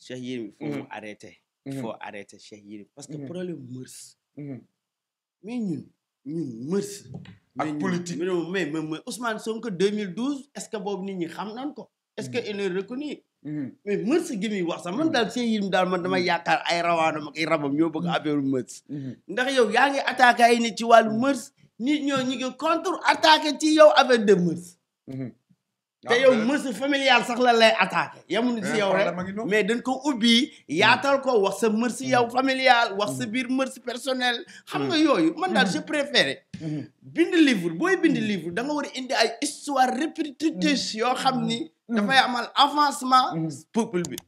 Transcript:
Cheikh Yérim foo mmh. mu arrêté foo arrêté parce que mmh. problème mœurs mmh. mais ñun ñun mœurs ak politique mais mais mais Ousmane Sonko est que boobu nit ñi xam nañ ko est-ce que il est reconnu mais mœurs gi muy wax sax man daal Cheikh Yérim daal man dama yaakaar ay rawaanam ak ay rabam ñoo bëgg affaire mœurs ndax yow yaa ngi attaqué ay nit ci wàllu mœurs ni ñoo ñu ngi contre ci yow affaire de mœurs te ah, yow mësu familial sax la lay attaqué eh, yamuñu si yow rek mais dañ ko ubbi hmm. yaatal ko wax sa mërs hmm. yow familial wax sa hmm. biir mërs personnel xam nga yooyu man daal je préféré bind livre booy bind livre da nga war a indi ay histoire répétitive yoo xam ni dafay amal avancement peuple bi